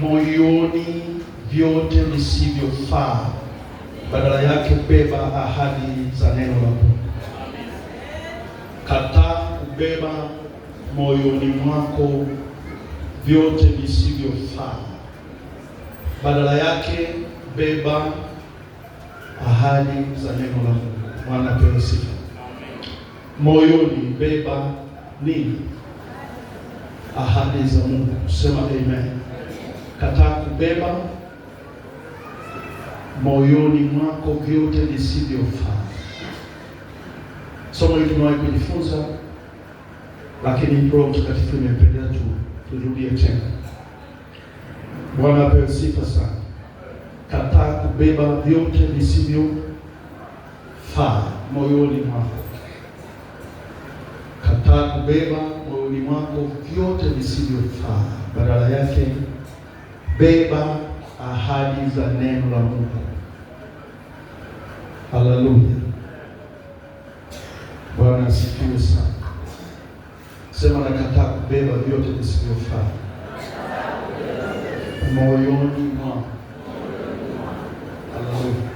moyoni vyote visivyofaa, badala yake beba ahadi za neno la Mungu. Kataa kubeba moyoni mwako vyote visivyofaa, badala yake beba ahadi za neno la Mungu. Mwana pewe sifa. Moyoni beba nini? Ahadi za Mungu. Sema amen kataa kubeba moyoni mwako vyote visivyofaa. Somo hili tumewahi kujifunza, lakini Roho Mtakatifu imependea tu turudie tena. Bwana apewe sifa sana. Kataa kubeba vyote visivyofaa moyoni mwako, kataa kubeba moyoni mwako vyote visivyofaa, badala yake beba ahadi za neno la Mungu. Haleluya, Bwana asifiwe sana. Sema, nakataa kubeba vyote visivyofaa moyoni mwangu. Haleluya,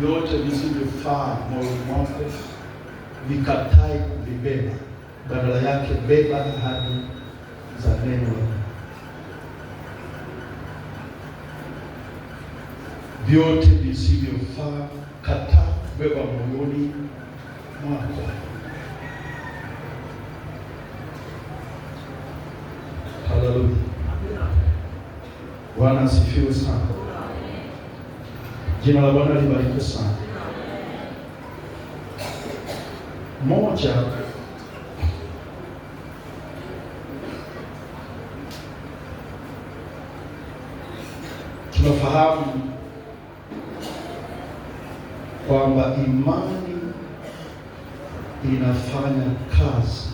vyote visivyofaa moyoni mwako vikatae kuvibeba, badala yake beba ahadi za neno vyote visivyofaa kata kubeba moyoni mwako. Haleluya, Bwana asifiwe sana. Jina la Bwana libarikiwe sana. Moja tunafahamu kwamba imani inafanya kazi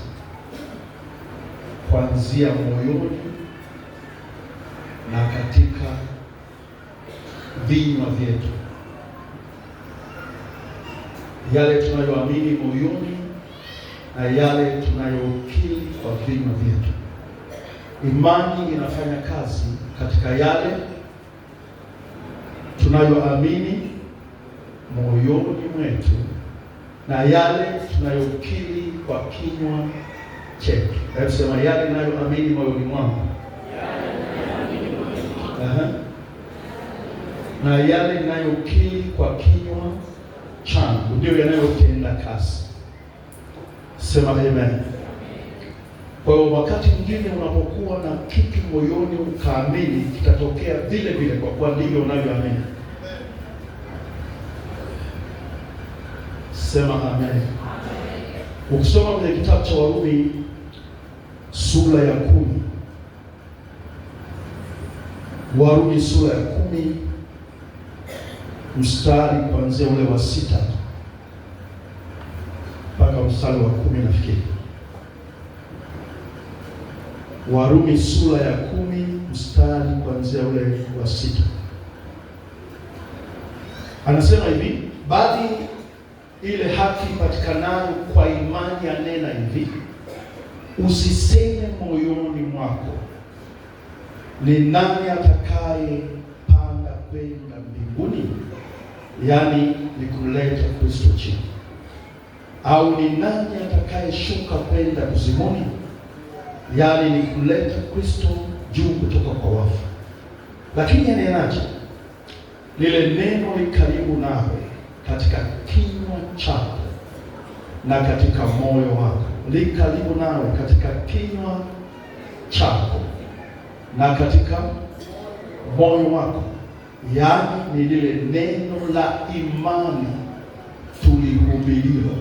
kuanzia moyoni na katika vinywa vyetu. Yale tunayoamini moyoni na yale tunayokiri kwa vinywa vyetu, imani inafanya kazi katika yale tunayoamini moyoni mwetu na yale tunayokiri kwa kinywa chetu. Hebu sema yale ninayoamini moyoni mwangu na yale ninayokiri kwa kinywa changu ndiyo yanayotenda kazi. Sema amen. Kwa hiyo wakati mwingine unapokuwa na kitu moyoni ukaamini, kitatokea vile vile, kwa kuwa ndivyo unavyoamini. Sema amen. Ukisoma kwenye kitabu cha Warumi sura ya kumi, Warumi sura ya kumi mstari kuanzia ule wa sita mpaka mstari wa kumi nafikiri. Warumi sura ya kumi mstari kuanzia ule wa sita anasema hivi, bali ile haki ipatikanayo kwa imani yanena hivi, usiseme moyoni mwako, ni nani atakaye panda kwenda mbinguni, yaani ni kumleta Kristo chini, au ni nani atakayeshuka kwenda kuzimuni, yaani ni kumleta Kristo juu kutoka kwa wafu. Lakini anenaje? Lile neno li karibu nawe katika kinywa chako na katika moyo wako, li karibu nawe katika kinywa chako na katika moyo wako, yaani ni lile neno la imani tulihubiriwa,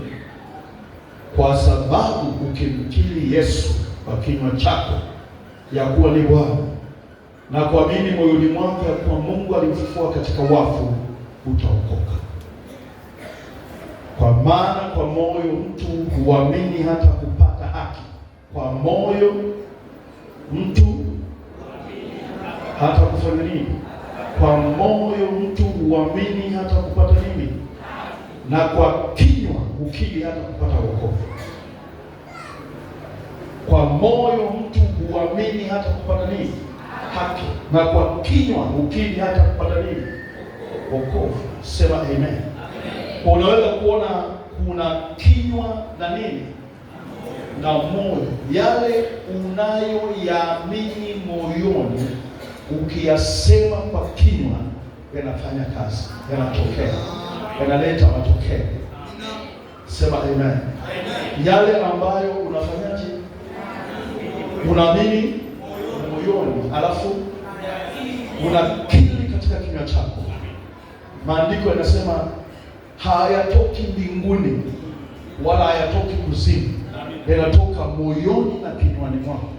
kwa sababu ukimkiri Yesu kwa kinywa chako ya kuwa ni Bwana na kuamini moyoni mwako ya kuwa Mungu alimfufua katika wafu, utaokoka. Kwa maana kwa moyo mtu huamini hata kupata haki, kwa moyo mtu hata kufanya nini? Kwa moyo mtu huamini hata kupata nini? Na kwa kinywa ukili hata kupata wokovu. Kwa moyo mtu huamini hata kupata nini? Haki, na kwa kinywa ukili hata kupata nini? Wokovu. Sema amen. Kwa unaweza kuona kuna kinywa na nini na moyo, yale unayoyaamini moyoni ukiyasema kwa kinywa yanafanya kazi, yanatokea, yanaleta matokeo. Sema amen. Yale ambayo unafanyaje, unaamini moyoni, alafu unakiri katika kinywa chako. Maandiko yanasema hayatoki mbinguni wala hayatoki kuzimu, yanatoka moyoni na kinywani mwako.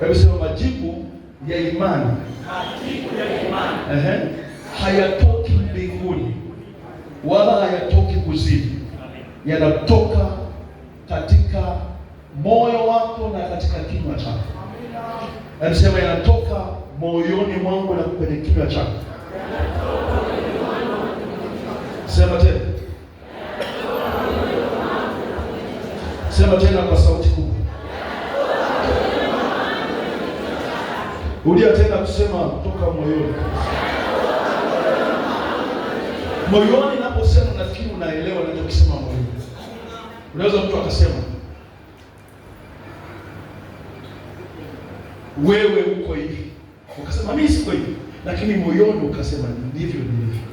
Hebu sema majibu ya imani, ehe, hayatoki mbinguni wala hayatoki kuzimu, yanatoka katika moyo wako na katika kinywa chako. Hebu sema yanatoka moyoni mwangu na kwenye kinywa chako. Sema tena, sema tena kwa sauti kubwa, Rudia tena kusema kutoka moyoni. Moyoni naposema, nafikiri unaelewa ninachokisema moyoni. Unaweza mtu akasema wewe uko hivi, ukasema mimi siko hivi, lakini moyoni ukasema ndivyo nilivyo.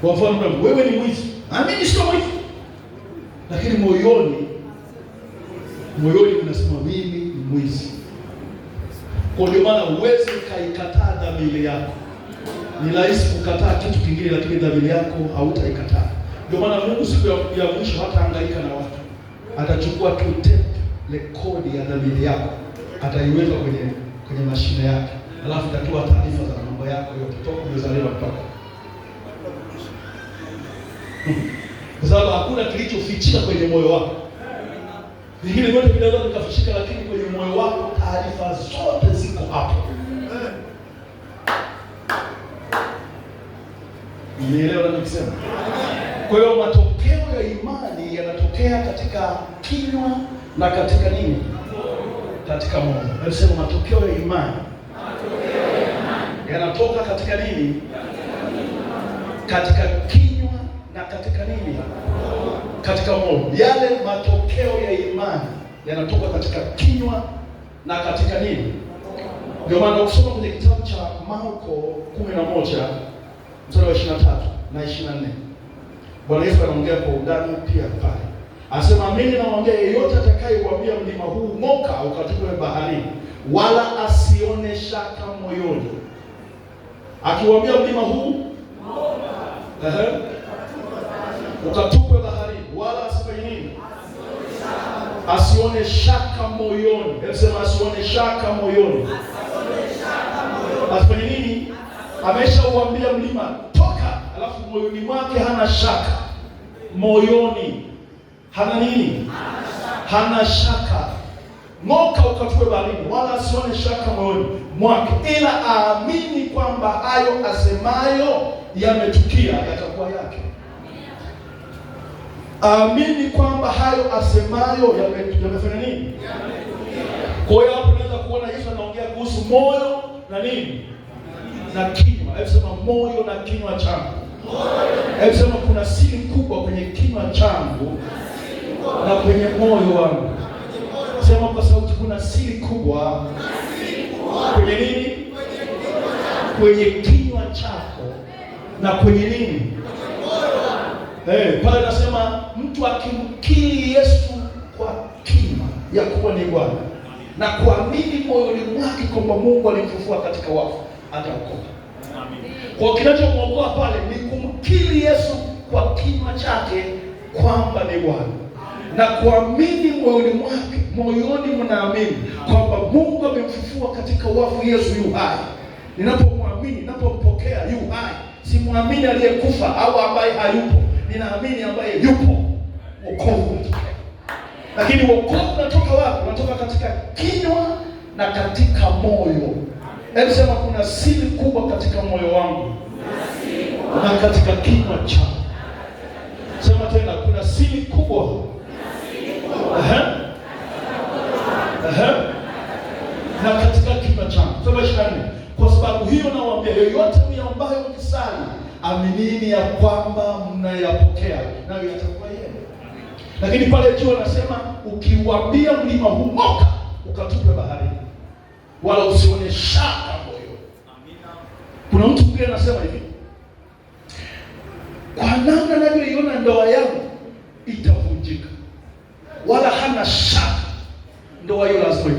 Kwa mfano wewe ni mwizi, na mimi sio mwizi, lakini moyoni moyoni unasema mimi ni mwizi. Kwa ndio maana uwezi ukaikataa dhamiri yako. Ni rahisi kukataa kitu kingine, lakini dhamiri yako hautaikataa. Ndio maana Mungu siku ya mwisho hataangaika na watu, atachukua tu tape rekodi ya dhamiri yako, ataiweka kwenye kwenye mashine yake, alafu atatoa taarifa za mambo yako yote toka umezaliwa mpaka kwa sababu hakuna kilichofichika kwenye moyo wako. Vingine vyote vinaweza vikafichika, lakini kwenye moyo wako taarifa zote ziko hapo. Nielewa nikisema. Kwa hiyo matokeo ya imani yanatokea katika kinywa na katika nini? Katika moyo. Nasema matokeo ya imani yanatoka katika nini? Katika kinywa katika moyo Yale matokeo ya imani yanatoka katika kinywa na katika nini? Ndio maana ukisoma kwenye kitabu cha Marko 11 mstari wa 23 na 24, Bwana Yesu anaongea kwa undani pia pale, anasema mimi nawaambia, yeyote atakayeuambia mlima huu ng'oka ukatupwe baharini, wala asione shaka moyoni, akiwaambia mlima huu ng'oka ukatupwe asione shaka moyoni. Hebu sema asione shaka moyoni. Asifanye nini? Ameshauambia mlima toka, alafu moyoni mwake hana shaka. Moyoni hana nini? Hana shaka. Ng'oka ukatue baharini, wala asione shaka moyoni mwake, ila aamini kwamba hayo asemayo yametukia, yatakuwa yake amini kwamba hayo asemayo yamefanya nini. Kwa hiyo hapo unaweza kuona Yesu anaongea kuhusu moyo na nini na kinywa. Hebu sema moyo na kinywa changu. Hebu sema kuna siri kubwa kwenye kinywa changu na kwenye moyo wangu. Sema kwa sauti, kuna siri kubwa kwenye nini? Kwenye kinywa chako na kwenye nini eh, pale nasema mtu akimkiri Yesu kwa kinywa ya kuwa ni Bwana na kuamini moyoni mwake kwamba Mungu alimfufua katika wafu ataokoka. Kwa kinachomwokoa pale ni kumkiri Yesu kwa kinywa chake kwamba ni Bwana na kuamini moyoni mwake, moyoni mnaamini kwamba Mungu amemfufua katika wafu. Yesu yu hai, ninapomwamini, ninapompokea yu hai, simwamini aliyekufa au ambaye hayupo ninaamini ambaye yupo wokovu. Lakini wokovu unatoka wapi? Unatoka katika kinywa na katika moyo. Hebu sema, kuna siri kubwa katika moyo wangu na katika kinywa changu. Sema tena, kuna siri kubwa na katika kinywa changu. Sema ishirini Kwa sababu hiyo nawaambia, yoyote ni ambayo aminini ya kwamba mnayapokea nayo yatakuwa yenu. Lakini pale juu anasema ukiwambia mlima huu ng'oka, ukatupe bahari, wala usione shaka moyo. Kuna mtu mwingine anasema hivi, kwa namna navyoiona ndoa yangu itavunjika, wala hana shaka ndoa hiyo lazima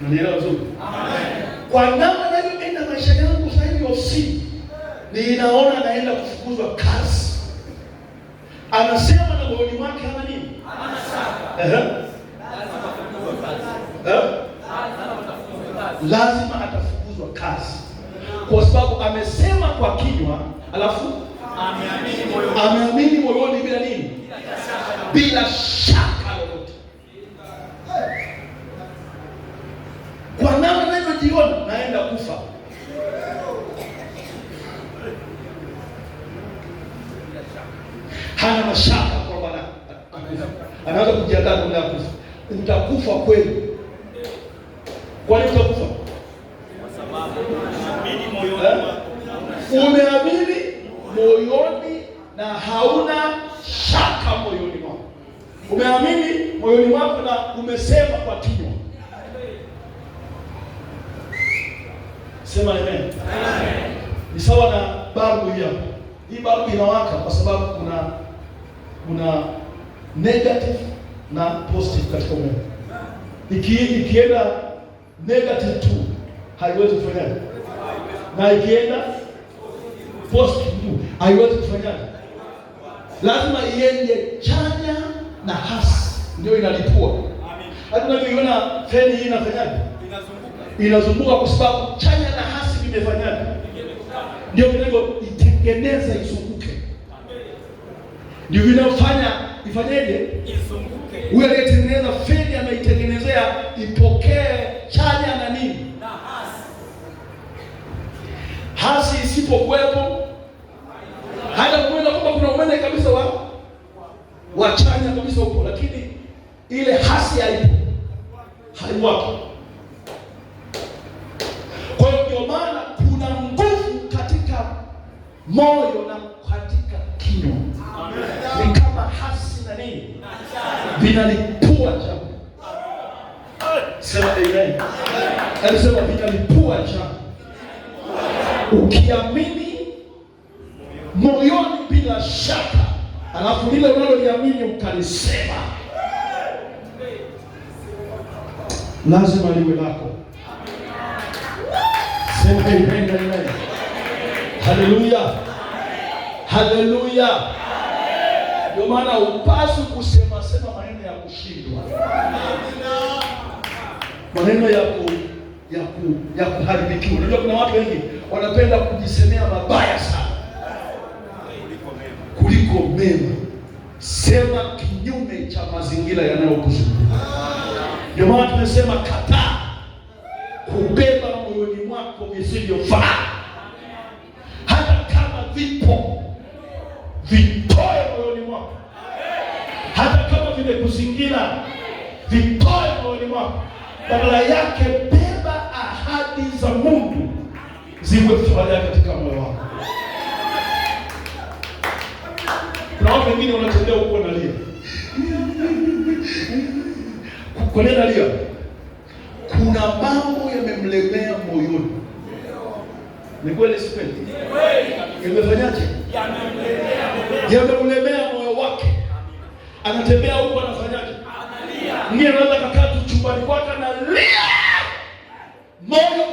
Unanielewa vizuri? Kwa namna navyoenda maisha yangu sasa hivi ofisini, ninaona naenda kufukuzwa kazi. Anasema na goloni wake ama nini? Lazima atafukuzwa kazi kwa sababu amesema kwa kinywa, alafu ameamini moyoni bila nini? Bila shaka kufa kweli. Kwa nini utakufa? Kwa sababu unaamini eh? moyoni, Umeamini moyoni na hauna shaka moyoni mwako, umeamini moyoni mwako na umesema kwa kinywa. Sema amen. Ni sawa na balbu hapa. Hii balbu inawaka kwa sababu kuna kuna negative na positive katika umeme iki, ikienda negative tu haiwezi kufanyaje, na ikienda positive tu haiwezi kufanyaje, lazima iende chanya na hasi, ndio inalipua. Hata unavyoiona feni hii inafanyaje, inazunguka kwa sababu chanya na hasi vimefanyaje, ndio vinavyoitengeneza izunguke, ndio vinavyofanya ifanyeje, huyo aliyetengeneza feni anaitengeneza kuelezea ipokee chanya na nini na hasi. Hasi isipokuwepo hata kuona kwamba kuna umeme kabisa wa wa chanya kabisa huko, lakini ile hasi haipo, haiwapo. Kwa hiyo ndio maana kuna nguvu katika moyo na katika kinywa, ni kama hasi na nini vinalipua Sema amen. Hebu sema piga mipua cha ukiamini moyoni bila shaka, alafu lile unaloliamini ukalisema, lazima liwe lako. Sema amen. Haleluya, haleluya. Ndio maana upasu kusema sema maneno ya kushindwa maneno ya ku, ya ku, ya kuharibikiwa. Unajua kuna watu wengi wanapenda kujisemea mabaya sana kuliko mema. Sema kinyume cha mazingira yanayokuzunguka. Ah. Ndio maana tumesema kataa Badala yake beba ahadi za Mungu ziwe faraja katika moyo wako. Kuna watu wengine wanatembea huko nalia, kwenye nalia, kuna mambo yamemlemea moyoni. Ni kweli si kweli? Yamefanyaje? Yamemlemea moyo wake, anatembea huko, anafanyaje? Analia. Mimi naweza kakaa tu chumbani kwake na Mono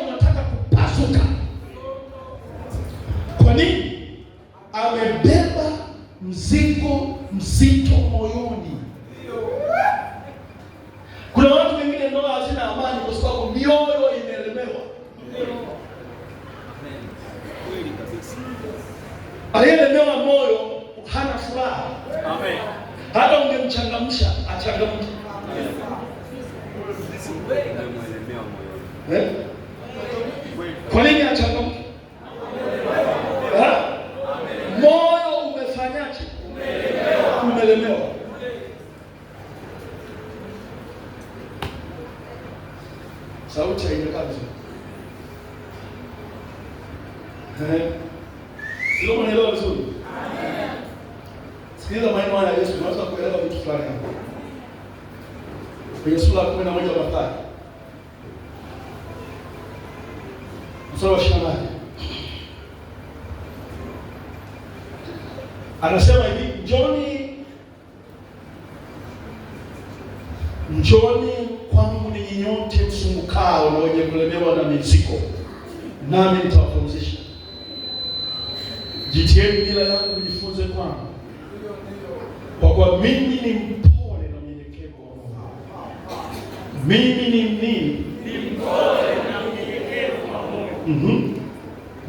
jitieni bila yangu mjifunze kwangu, kwa kuwa mimi ni mpole na mnyenyekevu wa moyo. Mimi ni nini? Ni mpole na mnyenyekevu wa moyo. Mhm,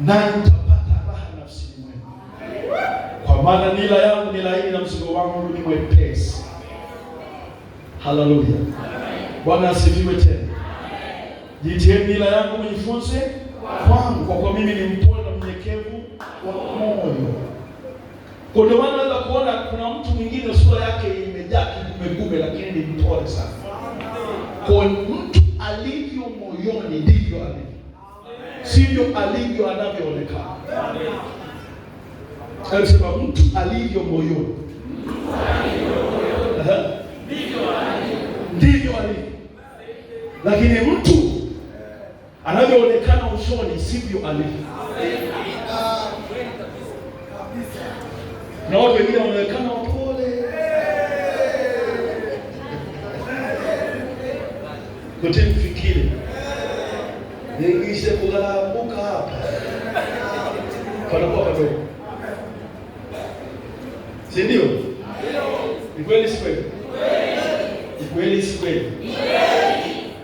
na nitapata raha nafsini mwangu, kwa maana nila yangu ni laini na mzigo wangu ni mwepesi. Haleluya, Bwana asifiwe tena. Jitieni bila yangu mjifunze kwangu, kwa kuwa mimi ni mpole wa moyo. Kwa ndio maana unaweza kuona kuna mtu mwingine sura yake imejaa kigumegume, lakini ni mpole sana. Kwa mtu alivyo moyoni ndivyo alivyo, sivyo alivyo anavyoonekana. Anasema mtu alivyo moyoni ndivyo alivyo, lakini mtu anavyoonekana usoni sivyo alivyo. na watu wengine wanaonekana wapole. Kote mfikiri ningishe kugarabuka hapa panakuwa kadogo, si ndio? Ni kweli, si kweli? Ni kweli, si kweli?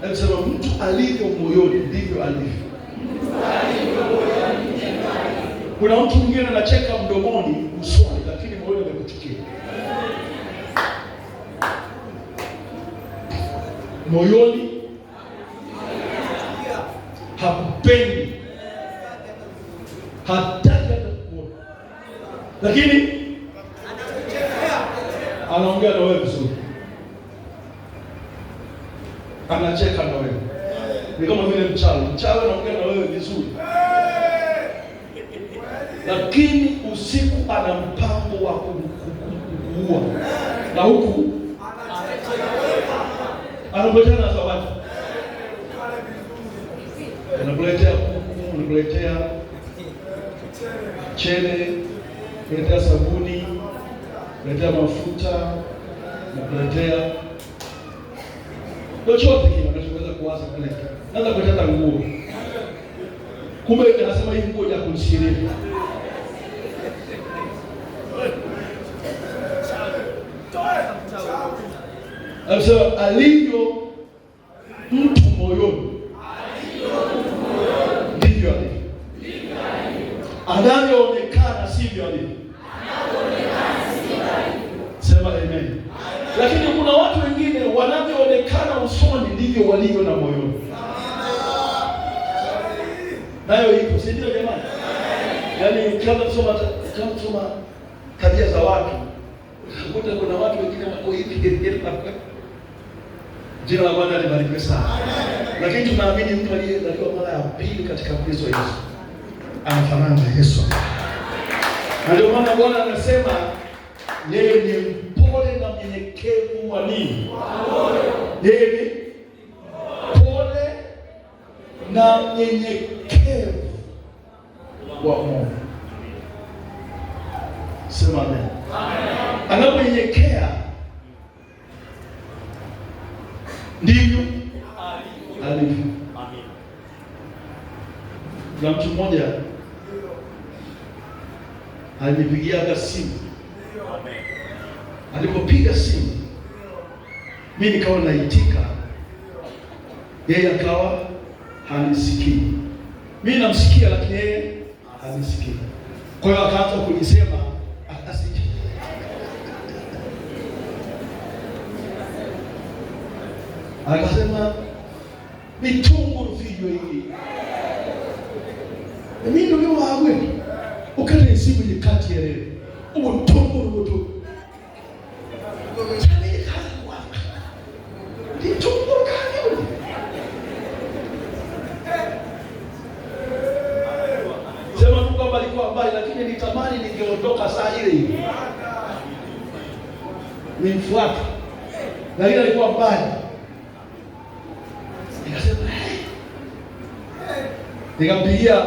Nasema mtu alivyo moyoni ndivyo alivyo. Kuna mtu mwingine anacheka mdomoni moyoni, hakupendi, hataki hata kuona, lakini kuletea chochote kile unachoweza kuwaza kuleta. Naweza kuleta nguo, kumbe anasema hii nguo ya kunishiria alivyo Jina la Bwana libarikiwe sana. Lakini tunaamini mtu aliyezaliwa mara ya pili katika Kristo Yesu anafanana na Yesu, na ndio maana Bwana anasema yeye ni mpole na mnyenyekevu wa nini? Yeye ni mpole na mnyenyekevu wa moyo. Sema amen. Anaponyenyekea Kuna mtu mmoja alinipigiaga simu. Alipopiga simu mi nikawa naitika, yeye akawa hanisikii. Mi namsikia lakini yeye hanisikii. Kwa hiyo akaanza kunisema ah, ah, Akasema mitum mwoyo wawe ukanesimbuye kati ya rero umutungo urubuto cyane ikaza kwaka nditungo tu kwamba lakini alikuwa mbali. Nikasema nikampigia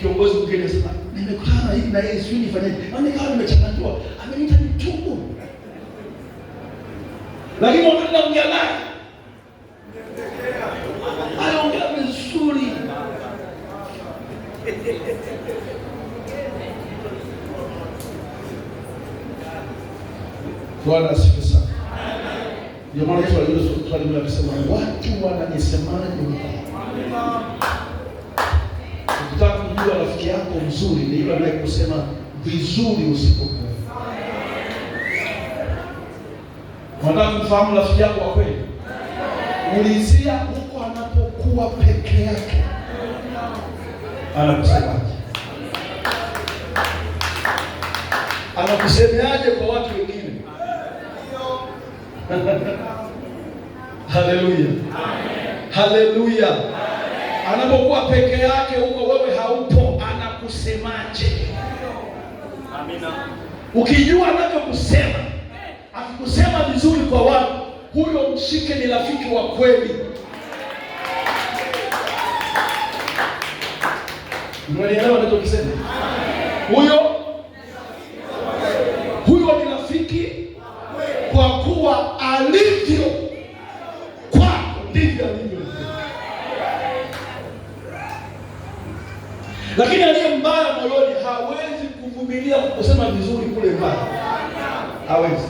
kiongozi mgeni sasa, nimekutana hivi na yeye, sijui nifanyaje, na nikawa nimechanganyikiwa, ameniita mtungu, lakini wakati naongea naye aliongea vizuri. Bwana asifiwe sana. Ndio maana Yesu alisema watu wananisemaje? Amina. Jua rafiki yako mzuri ni yule anayekusema vizuri usipokuwa. Unataka kufahamu rafiki yako wa kweli? Ulizia huko anapokuwa peke yake. Anakusemaje? Anakusemeaje kwa watu wengine? Haleluya. Haleluya. Anapokuwa peke yake huko, wewe haupo usemaje. Amina. Ukijua anachokusema akikusema vizuri kwa watu, huyo mshike, ni rafiki wa kweli. Unanielewa anachokisema huyo kubilia kusema vizuri kule mbali, hawezi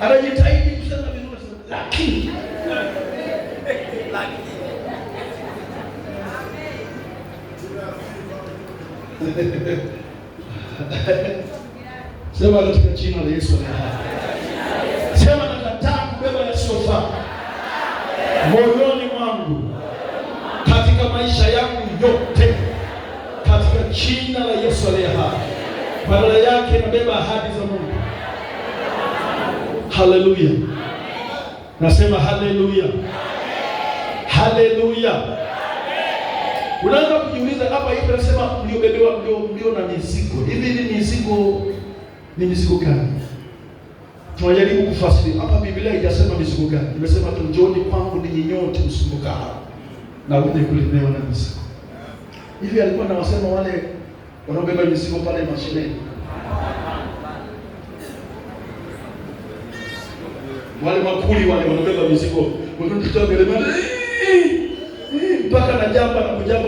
anajitahidi kusema vizuri, lakini sema katika jina la Yesu sema nakataa kubeba yasiyofaa moyo Badala yake nabeba ahadi za Mungu. Haleluya, nasema haleluya, haleluya. Unaanza kujiuliza hapa hivi, nasema mliobebewa, ndio mlio na mizigo hivi. Ni mizigo, ni mizigo gani? Tunajaribu kufasiri hapa. Biblia haijasema mizigo gani, imesema tu njoni kwangu ninyi nyote msumbukao na wenye kulemewa na mizigo. Hivi alikuwa anawasema wale wanaobeba mizigo pale mashineni, wale makuli wale wanaobeba mizigo mpaka na jamba na kujamba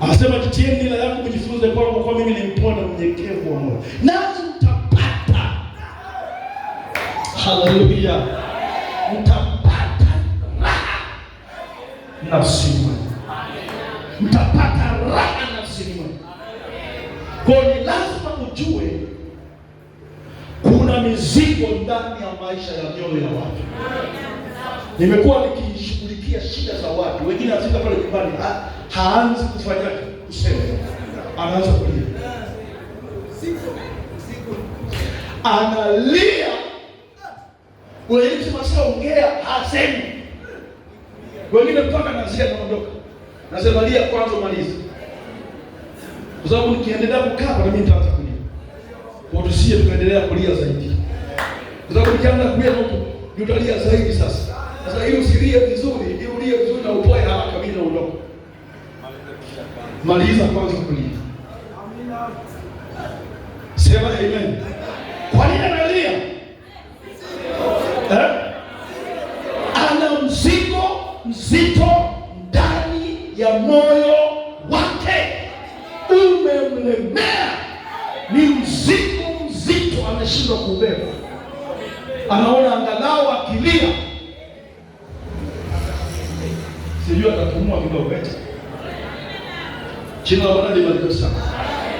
Anasema tutieni nila yangu mjifunze kwangu, kwa mimi ni mpole na mnyenyekevu wa moyo, nanyi mtapata. Haleluya, mtapata raha nafsini mwenu, mtapata raha nafsini mwenu. Kwa ni lazima ujue kuna mizigo ndani ya maisha ya mioyo ya watu. Nimekuwa nikishughulikia shida za watu wengine, azika pale nyumbani ah, haanzi kufanya kusema, anaanza kulia, analia. Wengine washaongea, hasemi. Wengine mpaka nazia, naondoka, nasema lia kwanza, maliza, kwa sababu nikiendelea kukaa na mimi nitaanza kulia, kwa tusiye tukaendelea kulia zaidi, kwa sababu nikianza kulia ndio utalia zaidi. Sasa sasa, ili usilie vizuri, ili ulie vizuri na upoe haraka, mimi naondoka. Marisa Rosa Cunha.